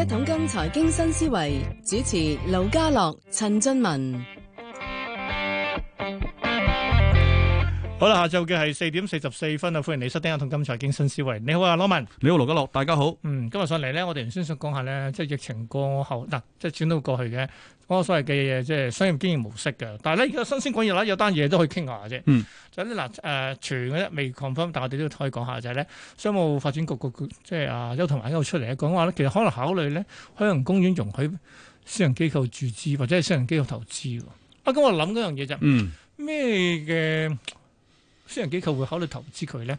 一桶金財經新思維，主持盧家樂、陳俊文。好啦，下晝嘅係四點四十四分啊！歡迎你收聽《阿 Tom 金財經新思維》。你好啊，羅文。你好，羅家羅家樂，大家好。嗯，今日上嚟咧，我哋先想講下咧，即係疫情過後，嗱、啊，即係轉到過去嘅嗰個所謂嘅嘢，即係商業經營模式嘅。但係咧，而家新鮮講嘢啦，有單嘢都可以傾下啫。嗯。就係嗱誒，全嘅未 confirm，但我哋都可以講下就係咧，商務發展局局長，即係阿邱騰華喺度出嚟講話咧，其實可能考慮咧，海洋公園容許私人機構注資或者係私人機構投資。阿、啊、咁，我諗嗰樣嘢就嗯咩嘅。嗯嗯私人機構會考慮投資佢咧，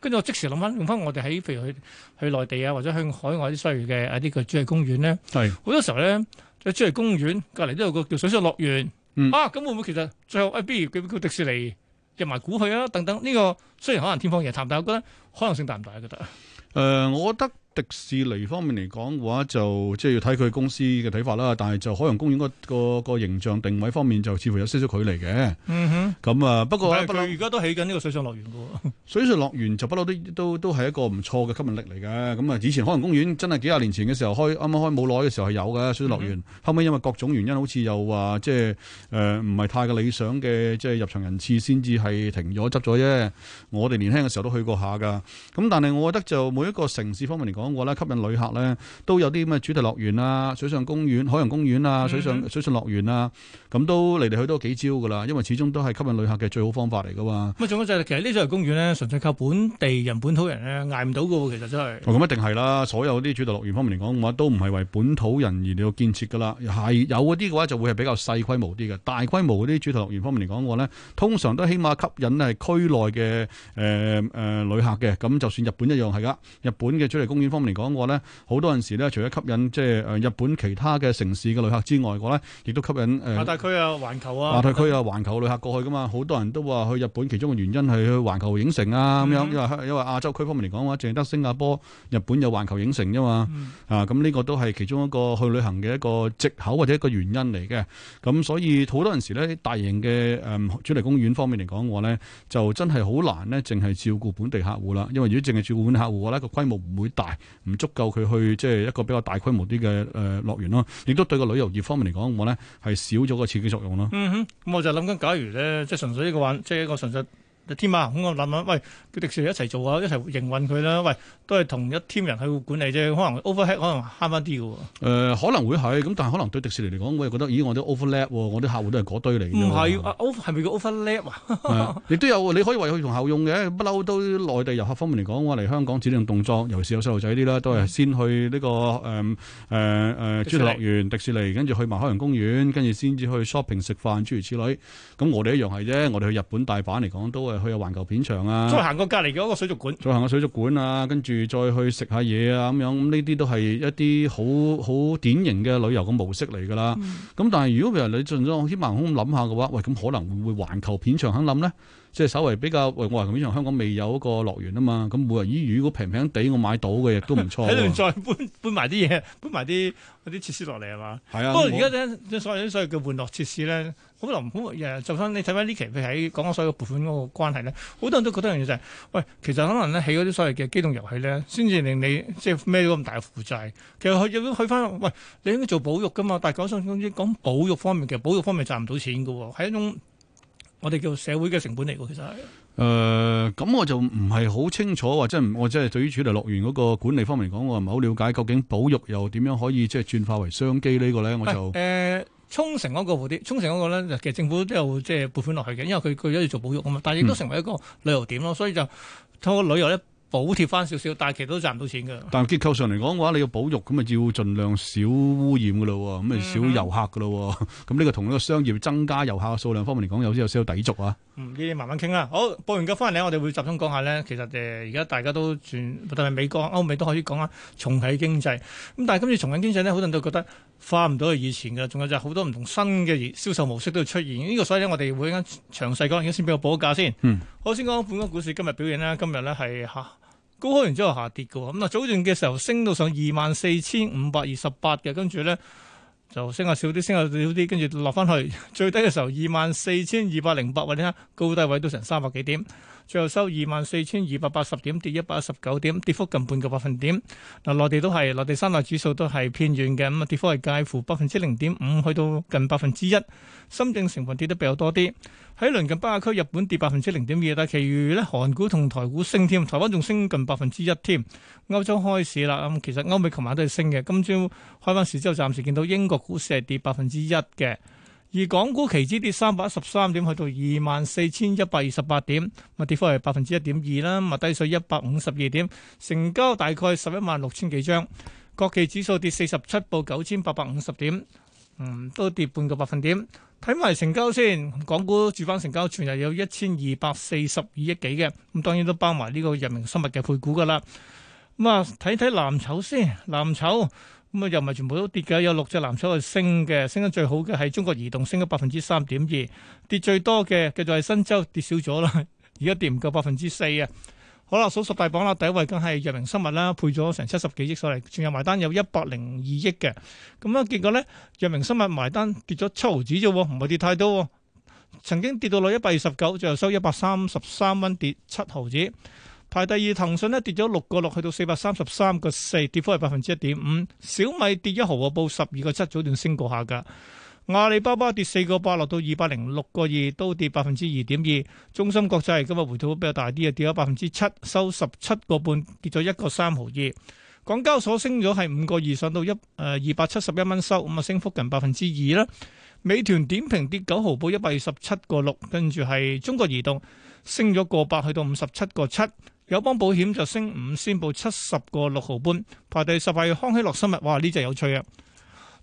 跟住我即時諗翻用翻我哋喺譬如去去內地啊，或者去海外啲細嘅一啲嘅、啊、主題公園咧，好多時候咧，喺主題公園隔離都有個叫水上樂園，嗯、啊咁會唔會其實最後不如叫迪士尼入埋股去啊？等等呢、呢個雖然可能天方夜譚，但係我覺得可能性大唔大啊？覺得，誒、呃，我覺得。迪士尼方面嚟講嘅話，就即係要睇佢公司嘅睇法啦。但係就海洋公園個個個形象定位方面，就似乎有少少距離嘅。嗯哼，咁啊、嗯，不過但係佢而家都起緊呢個水上樂園嘅，水上樂園就不嬲，都都都係一個唔錯嘅吸引力嚟嘅。咁、嗯、啊，以前海洋公園真係幾廿年前嘅時候開啱啱開冇耐嘅時候係有嘅水上樂園，嗯、哼後尾因為各種原因，好似又話即係誒唔係太嘅理想嘅，即係入場人次先至係停咗執咗啫。 我哋年輕嘅時候都去過下噶。咁但係我覺得就每一個城市方面嚟講。講過咧，吸引旅客咧都有啲咁嘅主題樂園啊、水上公園、海洋公園啊、水上水上樂園啊，咁都嚟嚟去都幾招噶啦，因為始終都係吸引旅客嘅最好方法嚟噶嘛。咁啊，仲有就係其實呢種公園咧，純粹靠本地人、本土人咧，捱唔到噶，其實真係。咁，嗯，一定係啦，所有啲主題樂園方面嚟講嘅話，都唔係為本土人而嚟到建設噶啦，係有嗰啲嘅話就會係比較細規模啲嘅，大規模嗰啲主題樂園方面嚟講嘅話咧，通常都起碼吸引係區內嘅誒誒旅客嘅，咁就算日本一樣係噶，日本嘅主題公園方面。方面嚟講，我咧好多陣時咧，除咗吸引即係誒日本其他嘅城市嘅旅客之外，我咧亦都吸引誒亞太區啊環球啊亞太區啊環球旅客過去噶嘛，好多人都話去日本其中嘅原因係去環球影城啊咁樣，因為、嗯嗯、因為亞洲區方面嚟講嘅話，淨係得新加坡、日本有環球影城啫嘛，嗯、啊咁呢個都係其中一個去旅行嘅一個藉口或者一個原因嚟嘅。咁所以好多陣時咧，大型嘅誒、嗯、主題公園方面嚟講，我咧就真係好難咧，淨係照顧本地客戶啦。因為如果淨係照顧本地客戶嘅咧，那個規模唔會大。唔足夠佢去即係一個比較大規模啲嘅誒樂園咯，亦都對個旅遊業方面嚟講，我咧係少咗個刺激作用咯。嗯哼，咁我就諗緊，假如咧即係純粹一個玩，即係一個純粹。team 啊，咁我諗諗，喂，叫迪士尼一齊做啊，一齊營運佢啦，喂，都係同一 team 人去管理啫，可能 overhead 可能慳翻啲嘅。誒、呃，可能會係，咁但係可能對迪士尼嚟講，我又覺得，咦，我啲 overlap，我啲客戶都係嗰堆嚟。嘅是。係 o 係咪叫 overlap 啊？亦 都有，你可以話佢同效用嘅，不嬲都內地遊客方面嚟講，我嚟香港指定種動作，尤其是有細路仔啲啦，都係先去呢、這個誒誒誒主題樂園迪士尼，士尼跟住去埋海洋公園，跟住先至去 shopping 食飯，諸如此類。咁我哋一樣係啫，我哋去日本大阪嚟講都係。去下環球片場啊，再行過隔籬嘅一個水族館，再行個水族館啊，跟住再去食下嘢啊咁樣，咁呢啲都係一啲好好典型嘅旅遊嘅模式嚟噶啦。咁、嗯、但係如果譬如你盡咗天馬行空諗下嘅話，喂，咁可能會唔會環球片場肯諗咧？即係稍微比較，我話頭先，香港未有嗰個樂園啊嘛，咁每人醫院如果平平地，我買到嘅亦都唔錯。喺度 再搬搬埋啲嘢，搬埋啲啲設施落嚟係嘛？係啊。不過而家、嗯、所謂所謂嘅玩樂設施咧，可能好誒。就翻你睇翻呢期，佢喺講緊所有撥款嗰個關係咧，好多人都覺得一樣嘢就係、是，喂，其實可能咧起嗰啲所謂嘅機動遊戲咧，先至令你即係孭到咁大嘅負債。其實去去翻，喂，你應該做保育㗎嘛？但係講真，講保育方面，其實保育方面賺唔到錢嘅喎，係一種。我哋叫社會嘅成本嚟㗎，其實係。誒、呃，咁我就唔係好清楚話，即係我即係對於主題樂園嗰個管理方面嚟講，我唔係好了解究竟保育又點樣可以即係轉化為商機呢個咧，我就。誒、哎，沖繩嗰個好啲，沖繩嗰個咧，其實政府都有即係撥款落去嘅，因為佢佢都要做保育啊嘛，但係亦都成為一個旅遊點咯，嗯、所以就透過旅遊咧。補貼返少少，但係其實都賺唔到錢嘅。但係結構上嚟講嘅話，你要保育咁咪要盡量少污染嘅咯，咁咪少遊客嘅咯。咁呢個同呢個商業增加遊客嘅數量方面嚟講，有啲有少少抵觸啊。嗯，依啲慢慢傾啦。好，播完嘅翻嚟，我哋會集中講下咧。其實誒，而、呃、家大家都轉，特別係美國、歐美都可以講下重啟經濟。咁但係今次重啟經濟咧，好多人都覺得翻唔到去以前㗎。仲有就係好多唔同新嘅銷售模式都要出現。呢、這個所以咧，我哋會一陣詳細講，而家先，俾我補一價先。嗯。好，先講本港股市今日表現啦。今日咧係下高開完之後下跌㗎。咁啊，早段嘅時候升到上二萬四千五百二十八嘅，跟住咧。就升下少啲，升下少啲，跟住落翻去最低嘅時候二萬四千二百零八或者高低位都成三百幾點，最後收二萬四千二百八十點，跌一百一十九點，跌幅近半個百分點。嗱，內地都係內地三大指數都係偏軟嘅，咁啊，跌幅係介乎百分之零點五去到近百分之一，深證成分跌得比較多啲。喺鄰近北亞區，日本跌百分之零點二，但係其餘咧韓股同台股升添，台灣仲升近百分之一添。歐洲開市啦，咁其實歐美琴晚都係升嘅。今朝開翻市之後，暫時見到英國股市係跌百分之一嘅，而港股期指跌三百一十三點，去到二萬四千一百二十八點，咁跌幅係百分之一點二啦，咁低水一百五十二點，成交大概十一萬六千幾張。國企指數跌四十七，報九千八百五十點。嗯，都跌半個百分點。睇埋成交先，港股主板成交全日有一千二百四十二億幾嘅。咁當然都包埋呢個人民生物嘅配股噶啦。咁、嗯、啊，睇睇藍籌先，藍籌咁啊，又唔係全部都跌嘅，有六隻藍籌係升嘅，升得最好嘅係中國移動升，升咗百分之三點二。跌最多嘅，繼續係新洲跌少咗啦，而家跌唔夠百分之四啊。好啦，數十大榜啦，第一位梗係藥明生物啦，配咗成七十幾億手嚟，全日埋單有一百零二億嘅。咁啊，結果咧，藥明生物埋單跌咗七毫子啫，唔係跌太多喎。曾經跌到落一百二十九，最後收一百三十三蚊，跌七毫子。排第二騰訊呢跌咗六個六，去到四百三十三個四，跌幅係百分之一點五。小米跌一毫啊，報十二個七，早段升過下噶。阿里巴巴跌四個八，落到二百零六個二，都跌百分之二點二。中芯國際今日回吐比較大啲啊，跌咗百分之七，收十七個半，跌咗一個三毫二。港交所升咗係五個二，上到一誒二百七十一蚊收，咁啊升幅近百分之二啦。美團點評跌九毫半，一百二十七個六，跟住係中國移動升咗個八，去到五十七個七。友邦保險就升五，先報七十個六毫半，排第十位，康希諾生物，哇，呢隻有趣啊！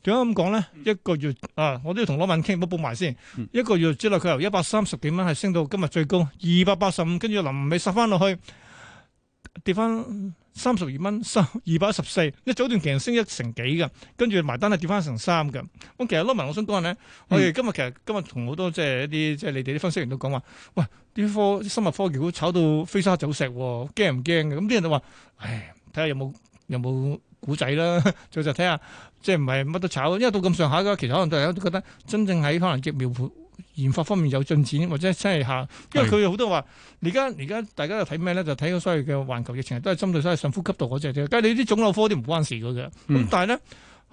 點解咁講咧？一個月啊，我都要同羅文傾，都報埋先。嗯、一個月之內，佢由一百三十幾蚊係升到今日最高二百八十五，跟住臨尾殺翻落去，跌翻三十二蚊，三二百一十四。一早段其實升一成幾嘅，跟住埋單係跌翻成三嘅。咁其實羅文，我想講咧，嗯、我哋今日其實今日同好多即係一啲即係你哋啲分析員都講話，喂，啲科生物科技股炒到飛沙走石、啊，驚唔驚嘅？咁啲人就話，唉，睇下有冇有冇。有股仔啦， 就就睇下，即係唔係乜得炒？因為到咁上下嘅，其實可能大家都覺得真正喺可能疫苗研發方面有進展，或者真係下，因為佢有好多話。而家而家大家又睇咩咧？就睇嗰所謂嘅環球疫情都係針對翻上呼吸道嗰隻啫。但係你啲腫瘤科啲唔關事嘅，咁、嗯、但係咧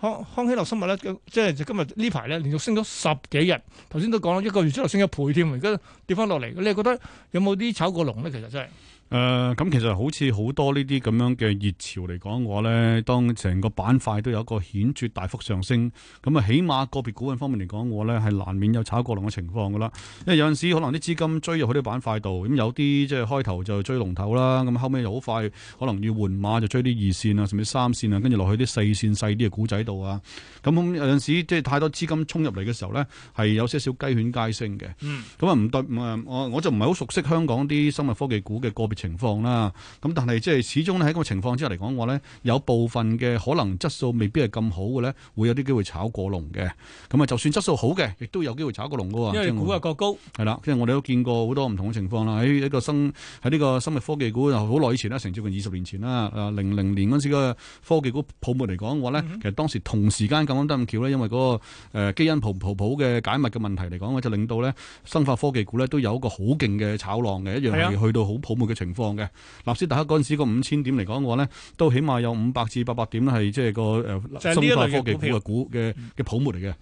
康康希諾生物咧，即係今日呢排咧連續升咗十幾日。頭先都講啦，一個月之後升一倍添，而家跌翻落嚟。你覺得有冇啲炒過龍咧？其實真係。誒，咁、呃、其實好似好多呢啲咁樣嘅熱潮嚟講，我咧當成個板塊都有一個顯著大幅上升，咁啊起碼個別股份方面嚟講，我咧係難免有炒過龍嘅情況噶啦。因為有陣時可能啲資金追入去啲板塊度，咁有啲即係開頭就追龍頭啦，咁後尾又好快可能要換馬就追啲二線啊，甚至三線啊，跟住落去啲四線細啲嘅股仔度啊。咁有陣時即係太多資金衝入嚟嘅時候咧，係有些少雞犬皆升嘅。嗯。咁啊唔對，我我就唔係好熟悉香港啲生物科技股嘅個別。情況啦，咁但係即係始終咧喺個情況之下嚟講嘅話咧，有部分嘅可能質素未必係咁好嘅咧，會有啲機會炒過龍嘅。咁啊，就算質素好嘅，亦都有機會炒過龍噶喎。因為股價過高係啦，即係我哋都見過好多唔同嘅情況啦。喺一個生喺呢個生物科技股又好耐以前啦，成接近二十年前啦，啊零零年嗰陣時個科技股泡沫嚟講嘅話咧，嗯、其實當時同時間咁啱得咁巧咧，因為嗰個基因圖譜嘅解密嘅問題嚟講，就令到咧生化科技股咧都有一個好勁嘅炒浪嘅一樣係去到好泡沫嘅情。情況嘅，納斯達克嗰陣時五千點嚟講嘅話咧，都起碼有五百至八百點啦，係即係個誒，中泰科技股嘅股嘅嘅泡沫嚟嘅。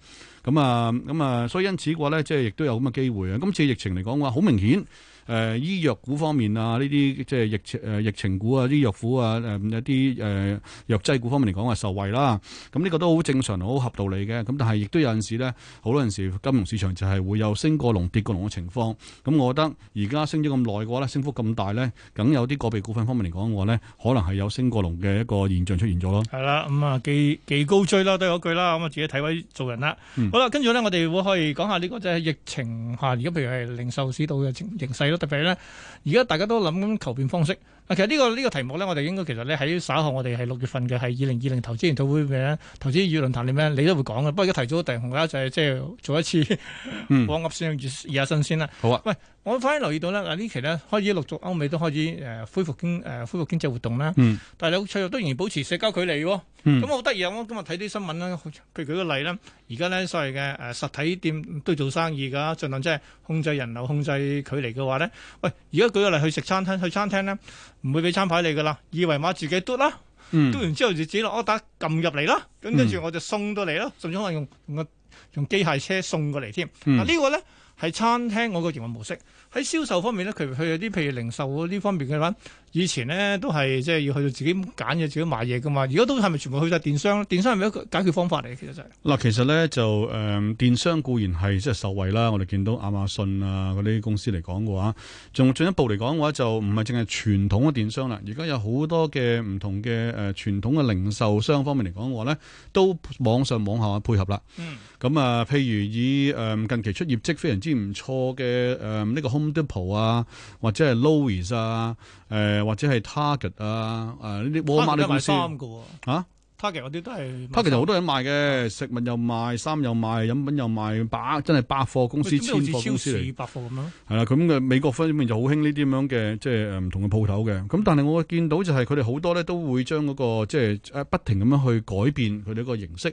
咁啊，咁啊，所以因此嘅話咧，即係亦都有咁嘅機會啊。今次疫情嚟講嘅話，好明顯。誒、呃、醫藥股方面啊，呢啲即係疫情誒疫情股啊，啲藥股啊，誒、嗯、一啲誒、呃、藥劑股方面嚟講係受惠啦。咁、嗯、呢、這個都好正常，好合道理嘅。咁但係亦都有陣時咧，好多陣時金融市場就係會有升過龍、跌過龍嘅情況。咁我覺得而家升咗咁耐個咧，升幅咁大咧，梗有啲個別股份方面嚟講嘅話咧，可能係有升過龍嘅一個現象出現咗咯。係啦，咁啊，既既高追啦，都係嗰句啦。咁啊，自己睇位做人啦。好啦，跟住咧，我哋會可以講下呢個即係疫情下而家，譬如係零售市道嘅情形勢咯。特別咧，而家大家都諗緊求變方式。其實呢、這個呢、這個題目咧，我哋應該其實咧喺稍後我哋係六月份嘅係二零二零投資研討會嘅投資與論壇入邊咧，你都會講嘅。不過而家提早突然紅加，就係即係做一次、嗯、做一次往鴨線二下新鮮啦。好啊！喂，我反而留意到咧，嗱呢期咧開始陸續歐美都開始誒恢復經誒、呃、恢復經濟活動啦。嗯、但係你好脆弱，都仍然保持社交距離喎。咁我好得意啊！我今日睇啲新聞啦，譬如舉個例啦，而家咧所謂嘅誒實體店都做生意㗎，儘量即係控制人流、控制距離嘅話咧，喂！而家舉個例去食餐廳，去餐廳咧。唔會俾餐牌你噶啦，二維碼自己嘟啦，嘟完之後就自己落 order 撳入嚟啦，咁跟住我就送到嚟咯，嗯、甚至可能用用個用機械車送過嚟添。嗱、嗯啊這個、呢個咧係餐廳我個營運模式。喺銷售方面咧，佢佢有啲譬如零售呢方面嘅話，以前咧都係即係要去到自己揀嘢、自己買嘢噶嘛。而家都係咪全部去晒電商咧？電商係咪一個解決方法嚟？其實就係嗱，其實咧就誒電商固然係即係受惠啦。我哋見到亞馬遜啊嗰啲公司嚟講嘅話，仲進一步嚟講嘅話就唔係淨係傳統嘅電商啦。而家有好多嘅唔同嘅誒、呃、傳統嘅零售商方面嚟講嘅話咧，都網上網下配合啦。嗯，咁啊，譬如以誒、呃、近期出業績非常之唔錯嘅誒呢個。啊、呃，或者係 Louis 啊，誒、呃，或者係 Target 啊，誒呢啲我買乜啲公司。啊？Target 嗰啲都係 Target 好多人賣嘅，食物又賣，衫又賣，飲品又賣，百真係百貨公司、千貨公司嚟。超市百貨咁咯。係啦，咁嘅美國方面就好興呢啲咁樣嘅，即係唔同嘅鋪頭嘅。咁但係我見到就係佢哋好多咧都會將嗰、那個即係誒不停咁樣去改變佢哋一個形式。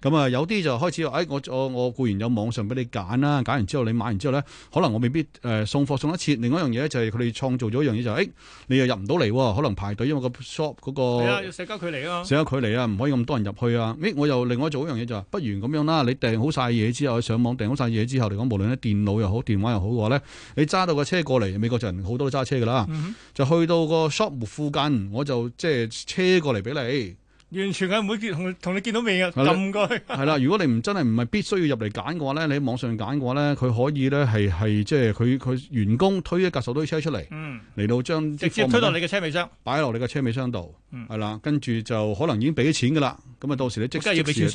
咁啊、嗯，有啲就開始話誒、哎，我我,我固然有網上俾你揀啦，揀完之後你買完之後咧，可能我未必誒送貨送一次。另外一樣嘢就係佢哋創造咗一樣嘢就係、是、誒、哎，你又入唔到嚟，可能排隊，因為個 shop 嗰、那個係啊，要社交距離啊，社交距離啊。唔可以咁多人入去啊！咦，我又另外做一樣嘢就係，不如咁樣啦。你訂好晒嘢之後，你上網訂好晒嘢之後嚟講，無論喺電腦又好，電話又好嘅話咧，你揸到個車過嚟，美國就人好多都揸車噶啦，嗯、哼就去到個 shop 附近，我就即係車過嚟俾你。完全係唔會同同你見到面噶，唔該你。係啦過， 如果你唔真係唔係必須要入嚟揀嘅話咧，你喺網上揀嘅話咧，佢可以咧係係即係佢佢員工推一架手推車出嚟嚟、嗯、到將直接推到你嘅車尾箱，擺落你嘅車尾箱度。係啦，跟住、 嗯、就可能已經俾咗錢噶啦，咁啊到時你即時、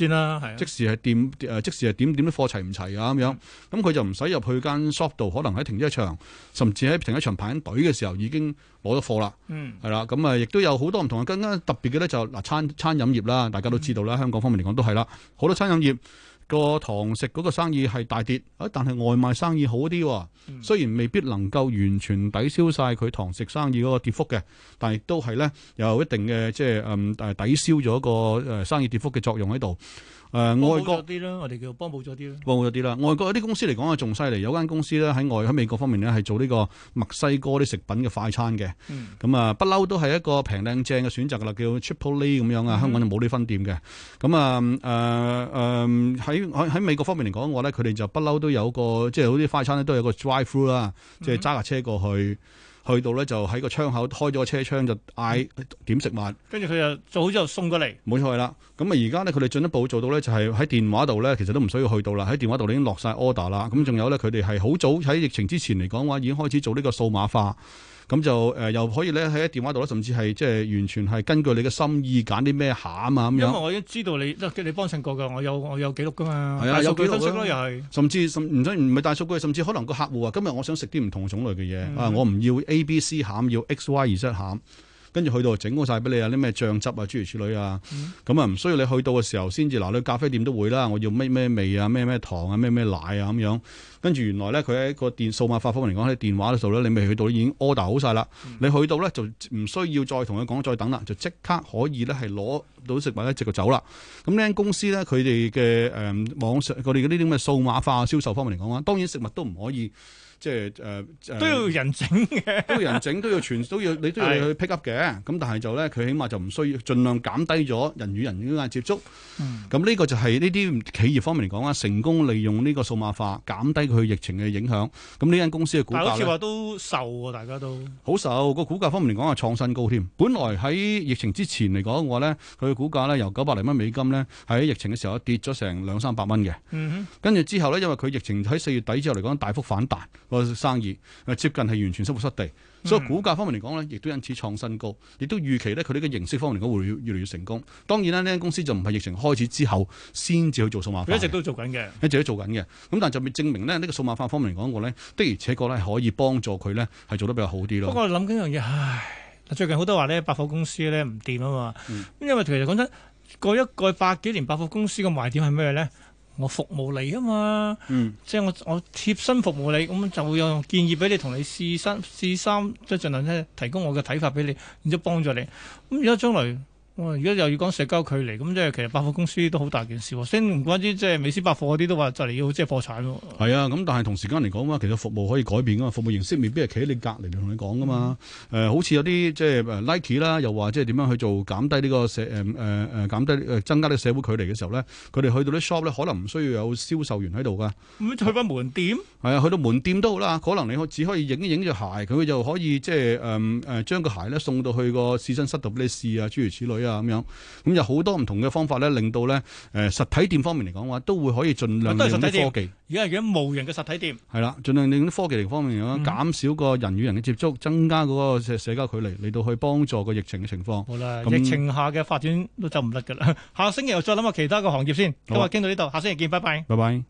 啊、即時係點誒即時係點點啲貨齊唔齊啊咁、嗯、樣，咁佢就唔使入去間 shop 度，可能喺停車場，甚至喺停車場排緊隊嘅時候已經攞咗貨啦。嗯，係啦、啊，咁啊亦都有好多唔同嘅更加特別嘅咧就嗱、是、餐餐飲業啦，大家都知道啦，嗯、香港方面嚟講都係啦，好多餐飲業。個堂食嗰個生意係大跌，啊！但係外賣生意好啲喎，雖然未必能夠完全抵消晒佢堂食生意嗰個跌幅嘅，但係都係咧有一定嘅即係誒、嗯、抵消咗一個生意跌幅嘅作用喺度。誒外國啲啦，我哋叫幫補咗啲啦。幫補咗啲啦，外國有啲公司嚟講啊，仲犀利。有間公司咧喺外喺美國方面咧，係做呢個墨西哥啲食品嘅快餐嘅。咁啊，不嬲都係一個平靚正嘅選擇噶啦，叫 Chipotle 咁樣啊。香港就冇呢分店嘅。咁啊誒誒，喺、嗯、喺、嗯嗯、美國方面嚟講嘅話咧，佢哋就不嬲都有個，就是、有個 through，即係好啲快餐咧，都有個 drive through 啦，即係揸架車過去。嗯嗯去到呢，就喺個窗口開咗個車窗就嗌點食飯，嗯，跟住佢就做好之後就送過嚟冇錯啦。咁啊，而家呢，佢哋進一步做到呢，就係喺電話度呢，其實都唔需要去到啦。喺電話度已經落晒 order 啦。咁仲有呢，佢哋係好早喺疫情之前嚟講話已經開始做呢個數碼化。咁就誒、呃、又可以咧喺電話度咧，甚至係即係完全係根據你嘅心意揀啲咩餡啊咁樣。因為我已經知道你，即你幫襯過嘅，我有我有記錄噶嘛。係的啊，有記錄咯，又係。甚至甚唔使唔係大數據，甚至可能個客戶啊，今日我想食啲唔同種類嘅嘢啊，嗯、我唔要 A B C 餡，要 X Y 二七餡。跟住去到整好晒俾你啊！啲咩醬汁啊、諸如此類啊，咁啊唔需要你去到嘅時候先至嗱。你咖啡店都會啦。我要咩咩味啊、咩咩糖啊、咩咩奶啊咁樣。跟住原來咧，佢喺個電數碼化方面嚟講喺電話度咧，你未去到已經 order 好晒啦。嗯、你去到咧就唔需要再同佢講再等啦，就即刻可以咧係攞到食物咧直接走啦。咁呢間公司咧佢哋嘅誒網上佢哋嗰啲咁嘅數碼化銷售方面嚟講啊，當然食物都唔可以。即係誒，呃、都要人整嘅，都要人整， 都要全，都要你都要你去 pick up 嘅。咁但係就咧，佢起碼就唔需要，儘量減低咗人與人之間嘅接觸。咁呢、嗯嗯、個就係呢啲企業方面嚟講啦，成功利用呢個數碼化減低佢疫情嘅影響。咁呢間公司嘅股價好似話都受喎、啊，大家都好受。個股價方面嚟講係創新高添。本來喺疫情之前嚟講嘅話咧，佢嘅股價咧由九百零蚊美金咧，喺疫情嘅時候跌咗成兩三百蚊嘅。跟住之後咧，因為佢疫情喺四月底之後嚟講大幅反彈。個生意接近係完全失業失地，嗯、所以股價方面嚟講咧，亦都因此創新高，亦都預期咧，佢呢個形式方面嚟講會越嚟越成功。當然啦，呢間公司就唔係疫情開始之後先至去做數碼化，一直都做緊嘅，一直都做緊嘅。咁但係就未證明咧，呢個數碼化方面嚟講過咧，的而且確咧係可以幫助佢咧係做得比較好啲咯。不過諗緊樣嘢，唉，最近好多話咧，百貨公司咧唔掂啊嘛。嗯、因為其實講真，過一過百幾年，百貨公司嘅賣點係咩咧？我服務你啊嘛，嗯、即係我我貼身服務你，咁就會有建議俾你同你試身試衫，即係、就是、盡量咧提供我嘅睇法俾你，然之後幫助你。咁如果將來。如果又要講社交距離，咁即係其實百貨公司都好大件事喎。先唔講啲即係美斯百貨嗰啲都話就嚟要即係破產咯。係啊，咁但係同時間嚟講啊，其實服務可以改變啊嘛。服務形式未必係企喺你隔離嚟同你講噶嘛。誒、嗯呃，好似有啲即係 Nike 啦，ikes, 又話即係點樣去做減低呢個社誒誒誒減低誒、呃、增加呢個社會距離嘅時候咧，佢哋去到啲 shop 咧，可能唔需要有銷售員喺度噶。去返門店係啊，啊，去到門店都好啦。可能你只可以影一影隻鞋，佢就可以即係誒誒將個鞋咧送到去個試身室度俾你試啊，諸如此類啊。咁樣，咁有好多唔同嘅方法咧，令到咧，誒、呃，實體店方面嚟講嘅話，都會可以盡量利用啲科技。而家係如果無形嘅實體店。係啦，盡量令啲科技嚟方面，咁減、嗯、少個人與人嘅接觸，增加嗰個社社交距離，嚟到去幫助個疫情嘅情況。好啦吧，那疫情下嘅發展都就唔甩噶啦。 下星期又再諗下其他嘅行業先。好吧今日傾到呢度，下星期見，拜拜。拜拜。